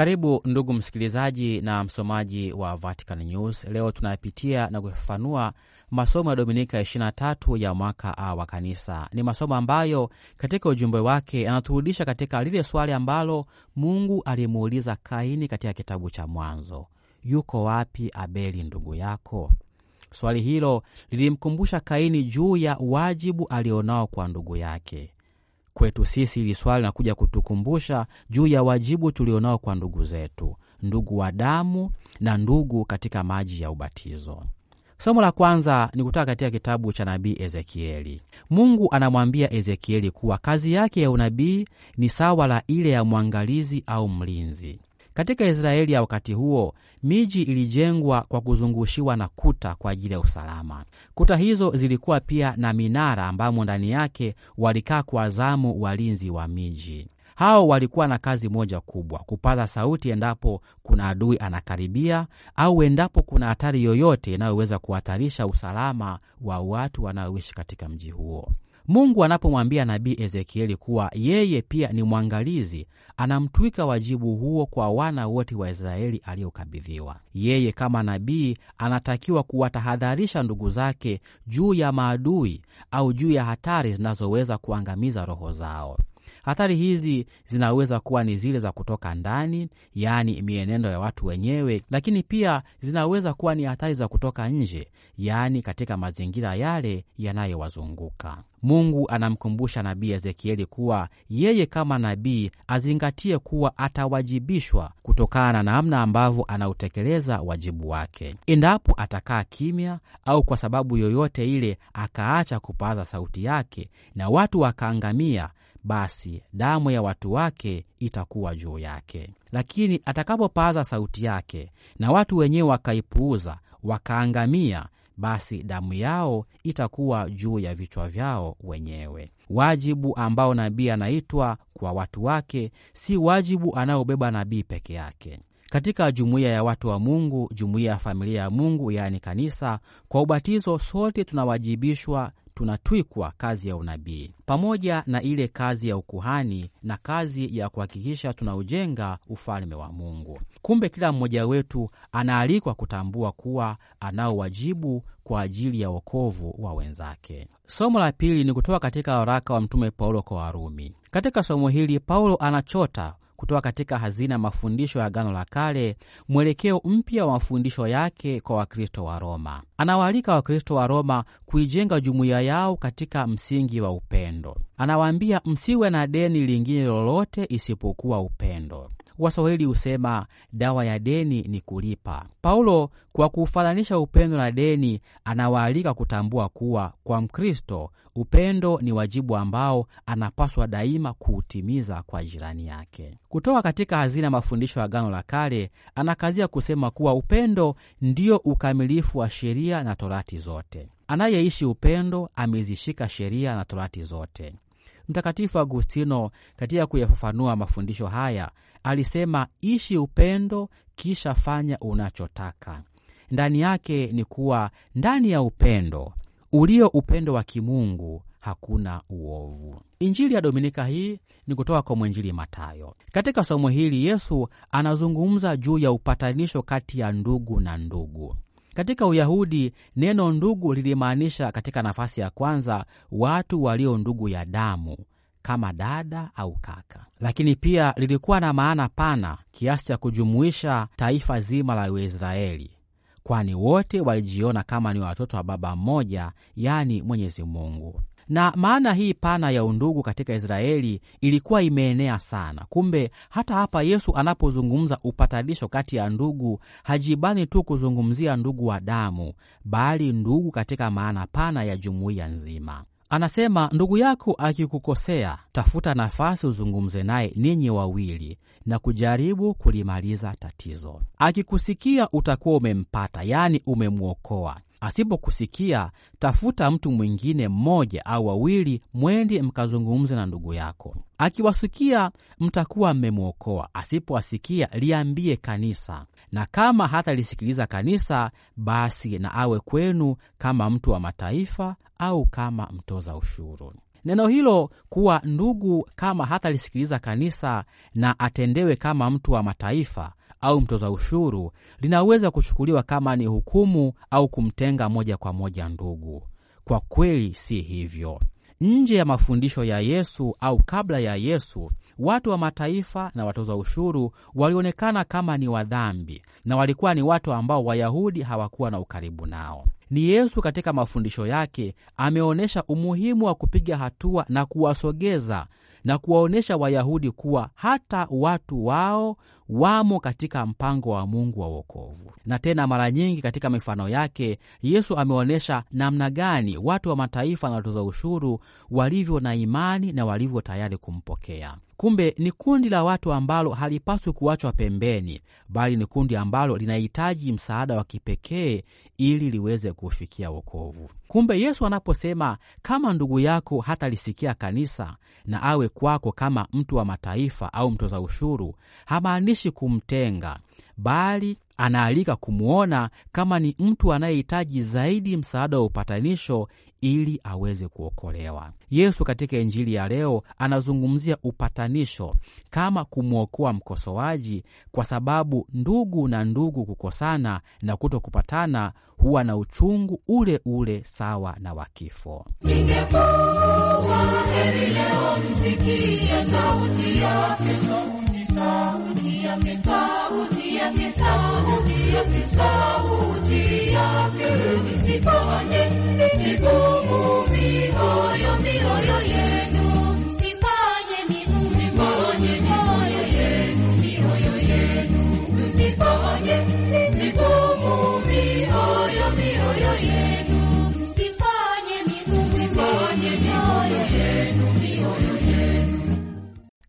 Karibu ndugu msikilizaji na msomaji wa Vatican News. Leo tunayapitia na kufafanua masomo ya Dominika 23 ya mwaka A wa Kanisa. Ni masomo ambayo katika ujumbe wake yanaturudisha katika lile swali ambalo Mungu alimuuliza Kaini katika kitabu cha Mwanzo, yuko wapi Abeli ndugu yako? Swali hilo lilimkumbusha Kaini juu ya wajibu alionao kwa ndugu yake. Kwetu sisi hili swali linakuja kutukumbusha juu ya wajibu tulionao kwa ndugu zetu, ndugu wa damu na ndugu katika maji ya ubatizo. Somo la kwanza ni kutoka katika kitabu cha nabii Ezekieli. Mungu anamwambia Ezekieli kuwa kazi yake ya unabii ni sawa la ile ya mwangalizi au mlinzi. Katika Israeli ya wakati huo, miji ilijengwa kwa kuzungushiwa na kuta kwa ajili ya usalama. Kuta hizo zilikuwa pia na minara ambamo ndani yake walikaa kwa zamu walinzi wa miji. Hao walikuwa na kazi moja kubwa: kupaza sauti endapo kuna adui anakaribia au endapo kuna hatari yoyote inayoweza kuhatarisha usalama wa watu wanaoishi katika mji huo. Mungu anapomwambia nabii Ezekieli kuwa yeye pia ni mwangalizi, anamtwika wajibu huo kwa wana wote wa Israeli aliyokabidhiwa. Yeye kama nabii anatakiwa kuwatahadharisha ndugu zake juu ya maadui au juu ya hatari zinazoweza kuangamiza roho zao. Hatari hizi zinaweza kuwa ni zile za kutoka ndani, yaani mienendo ya watu wenyewe, lakini pia zinaweza kuwa ni hatari za kutoka nje, yaani katika mazingira yale yanayowazunguka. Mungu anamkumbusha nabii Ezekieli kuwa yeye kama nabii azingatie kuwa atawajibishwa kutokana na namna ambavyo anautekeleza wajibu wake. Endapo atakaa kimya au kwa sababu yoyote ile akaacha kupaza sauti yake na watu wakaangamia, basi damu ya watu wake itakuwa juu yake. Lakini atakapopaza sauti yake na watu wenyewe wakaipuuza, wakaangamia basi damu yao itakuwa juu ya vichwa vyao wenyewe. Wajibu ambao nabii anaitwa kwa watu wake si wajibu anaobeba nabii peke yake. Katika jumuiya ya watu wa Mungu, jumuiya ya familia ya Mungu, yaani kanisa, kwa ubatizo sote tunawajibishwa tunatwikwa kazi ya unabii pamoja na ile kazi ya ukuhani na kazi ya kuhakikisha tunaujenga ufalme wa Mungu. Kumbe kila mmoja wetu anaalikwa kutambua kuwa anao wajibu kwa ajili ya wokovu wa wenzake. Somo la pili ni kutoka katika waraka wa Mtume Paulo kwa Warumi. Katika somo hili Paulo anachota kutoka katika hazina ya mafundisho ya Agano la Kale mwelekeo mpya wa mafundisho yake kwa Wakristo wa Roma. Anawaalika Wakristo wa Roma kuijenga jumuiya yao katika msingi wa upendo. Anawaambia msiwe na deni lingine lolote isipokuwa upendo. Waswahili husema dawa ya deni ni kulipa. Paulo, kwa kuufananisha upendo na deni, anawaalika kutambua kuwa kwa Mkristo upendo ni wajibu ambao anapaswa daima kuutimiza kwa jirani yake. Kutoka katika hazina ya mafundisho ya Agano la Kale, anakazia kusema kuwa upendo ndio ukamilifu wa sheria na torati zote. Anayeishi upendo amezishika sheria na torati zote. Mtakatifu Agustino katika kuyafafanua mafundisho haya Alisema, ishi upendo, kisha fanya unachotaka. Ndani yake ni kuwa ndani ya upendo ulio upendo wa kimungu hakuna uovu. Injili ya dominika hii ni kutoka kwa mwenjili Matayo. Katika somo hili Yesu anazungumza juu ya upatanisho kati ya ndugu na ndugu. Katika Uyahudi neno ndugu lilimaanisha katika nafasi ya kwanza watu walio ndugu ya damu, kama dada au kaka, lakini pia lilikuwa na maana pana kiasi cha kujumuisha taifa zima la Uisraeli, kwani wote walijiona kama ni watoto wa baba mmoja, yaani Mwenyezi Mungu. Na maana hii pana ya undugu katika Israeli ilikuwa imeenea sana. Kumbe hata hapa Yesu anapozungumza upatanisho kati ya ndugu, hajibani tu kuzungumzia ndugu wa damu, bali ndugu katika maana pana ya jumuiya nzima. Anasema ndugu yako akikukosea, tafuta nafasi uzungumze naye ninyi wawili na kujaribu kulimaliza tatizo. Akikusikia utakuwa umempata, yaani umemwokoa. Asipokusikia, tafuta mtu mwingine mmoja au wawili, mwende mkazungumze na ndugu yako. Akiwasikia mtakuwa mmemwokoa. Asipowasikia, liambie kanisa, na kama hatalisikiliza kanisa, basi na awe kwenu kama mtu wa mataifa au kama mtoza ushuru. Neno hilo kuwa ndugu, kama hatalisikiliza kanisa na atendewe kama mtu wa mataifa, au mtoza ushuru linaweza kuchukuliwa kama ni hukumu au kumtenga moja kwa moja ndugu. Kwa kweli si hivyo. Nje ya mafundisho ya Yesu au kabla ya Yesu, watu wa mataifa na watoza ushuru walionekana kama ni wadhambi na walikuwa ni watu ambao Wayahudi hawakuwa na ukaribu nao. Ni Yesu katika mafundisho yake ameonyesha umuhimu wa kupiga hatua na kuwasogeza na kuwaonyesha Wayahudi kuwa hata watu wao wamo katika mpango wa Mungu wa wokovu. Na tena mara nyingi katika mifano yake Yesu ameonyesha namna gani watu wa mataifa na watoza ushuru walivyo na imani na walivyo tayari kumpokea. Kumbe ni kundi la watu ambalo halipaswi kuachwa pembeni, bali ni kundi ambalo linahitaji msaada wa kipekee ili liweze kufikia wokovu. Kumbe Yesu anaposema kama ndugu yako hatalisikia kanisa na awe kwako kama mtu wa mataifa au mtoza ushuru, hamaanishi haonyeshi kumtenga, bali anaalika kumwona kama ni mtu anayehitaji zaidi msaada wa upatanisho ili aweze kuokolewa. Yesu katika Injili ya leo anazungumzia upatanisho kama kumwokoa mkosoaji, kwa sababu ndugu na ndugu kukosana na kuto kupatana huwa na uchungu ule ule sawa na wa kifo. Ningekuwa heri leo msikia sauti yake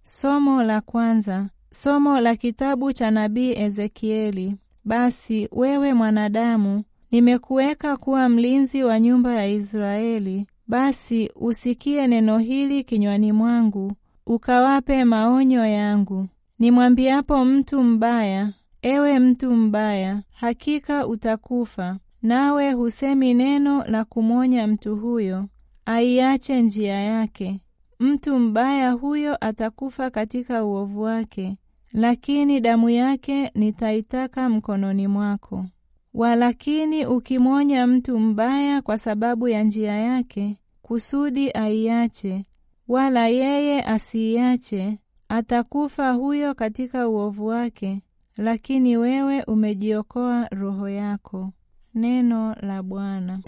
Somo la kwanza Somo la kitabu cha nabii Ezekieli. Basi wewe mwanadamu, nimekuweka kuwa mlinzi wa nyumba ya Israeli. Basi usikie neno hili kinywani mwangu, ukawape maonyo yangu. Nimwambiapo mtu mbaya, ewe mtu mbaya, hakika utakufa, nawe husemi neno la kumwonya mtu huyo aiache njia yake, Mtu mbaya huyo atakufa katika uovu wake, lakini damu yake nitaitaka mkononi mwako. Walakini ukimwonya mtu mbaya kwa sababu ya njia yake, kusudi aiache, wala yeye asiiache, atakufa huyo katika uovu wake, lakini wewe umejiokoa roho yako. Neno la Bwana.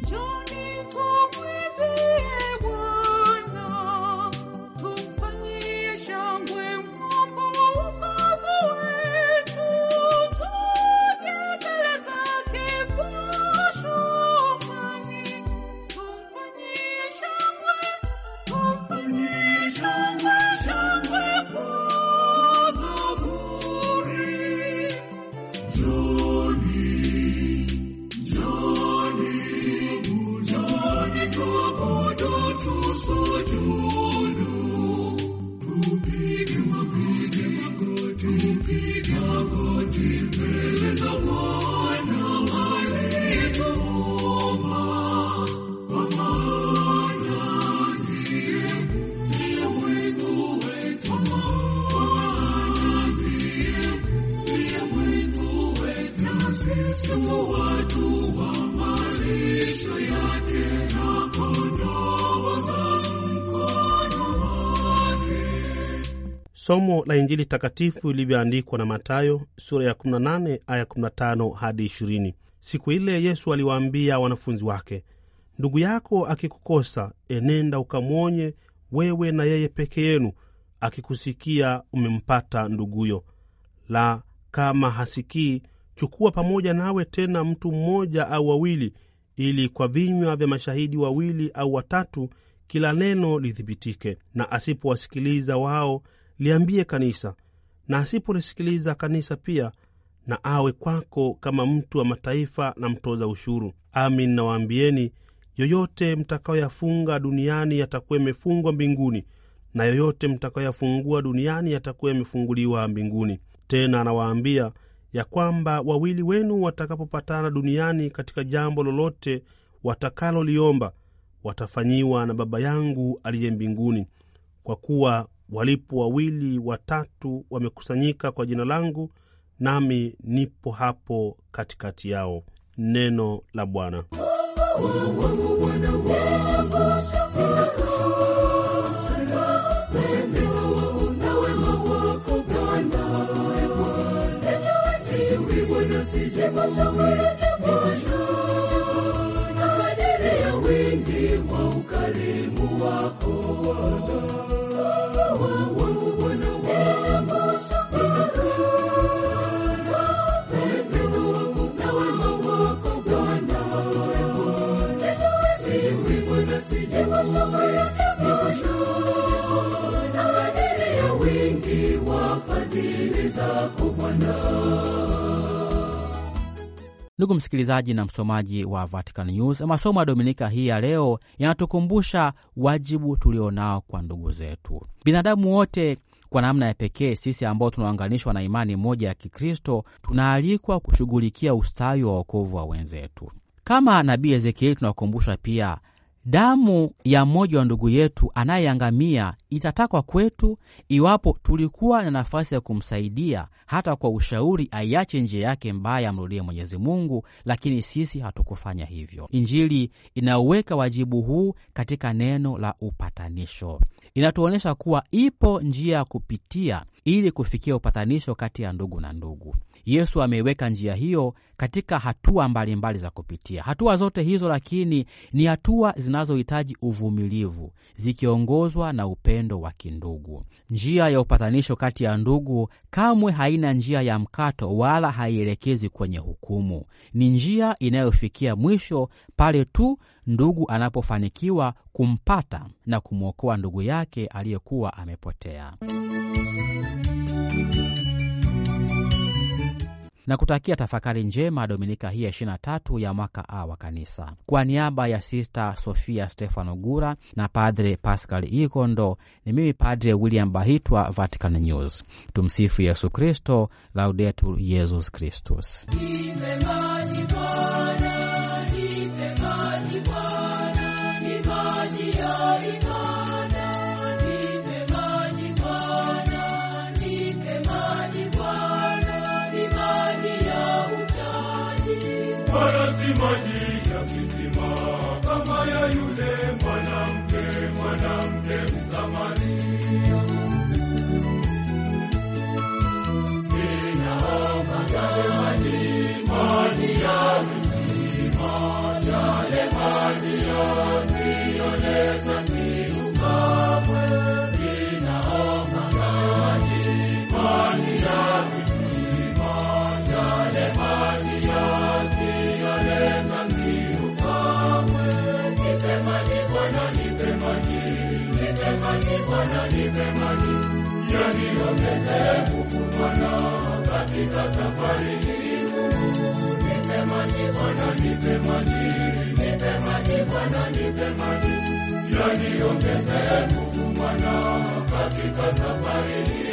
could you be? Somo la Injili takatifu ilivyoandikwa na Matayo sura ya 18 aya 15 hadi 20. Siku ile Yesu aliwaambia wanafunzi wake, ndugu yako akikukosa, enenda ukamwonye wewe na yeye peke yenu. Akikusikia umempata nduguyo, la kama hasikii, chukua pamoja nawe tena mtu mmoja au wawili, ili kwa vinywa vya mashahidi wawili au watatu kila neno lithibitike. Na asipowasikiliza wao liambie kanisa, na asipolisikiliza kanisa pia na awe kwako kama mtu wa mataifa na mtoza ushuru. Amin nawaambieni, yoyote mtakayoyafunga duniani yatakuwa yamefungwa mbinguni, na yoyote mtakayoyafungua duniani yatakuwa yamefunguliwa mbinguni. Tena anawaambia ya kwamba wawili wenu watakapopatana duniani katika jambo lolote watakaloliomba, watafanyiwa na Baba yangu aliye mbinguni, kwa kuwa Walipo wawili watatu wamekusanyika kwa jina langu, nami nipo hapo katikati yao. Neno la Bwana. Ndugu msikilizaji na msomaji wa Vatican News, masomo ya Dominika hii ya leo yanatukumbusha wajibu tulionao kwa ndugu zetu, binadamu wote. Kwa namna ya pekee, sisi ambao tunaunganishwa na imani moja ya Kikristo tunaalikwa kushughulikia ustawi wa wokovu wa wenzetu. Kama nabii Ezekieli tunakumbushwa pia Damu ya mmoja wa ndugu yetu anayeangamia itatakwa kwetu iwapo tulikuwa na nafasi ya kumsaidia hata kwa ushauri aiache njia yake mbaya, amrudie Mwenyezi Mungu, lakini sisi hatukufanya hivyo. Injili inauweka wajibu huu katika neno la upatanisho inatuonyesha kuwa ipo njia ya kupitia ili kufikia upatanisho kati ya ndugu na ndugu. Yesu ameiweka njia hiyo katika hatua mbalimbali mbali za kupitia. Hatua zote hizo lakini ni hatua zinazohitaji uvumilivu, zikiongozwa na upendo wa kindugu. Njia ya upatanisho kati ya ndugu kamwe haina njia ya mkato wala haielekezi kwenye hukumu. Ni njia inayofikia mwisho pale tu ndugu anapofanikiwa kumpata na kumwokoa ndugu yake aliyekuwa amepotea. na kutakia tafakari njema dominika hii ya 23 ya mwaka A wa Kanisa. Kwa niaba ya Sista Sofia Stefano Gura na Padre Pascal Igondo, ni mimi Padre William Bahitwa, Vatican News. Tumsifu Yesu Kristo, Laudetur Yesus Kristus. si maji ya kisima kama ya yule mwanamke mwanamke Msamaria. yale maji, maji ya kisima, yale maji Bwana ni mema kukumana katika safari hii nipe Bwana, nipe maji, Bwana, nipe maji kukumana katika safari hii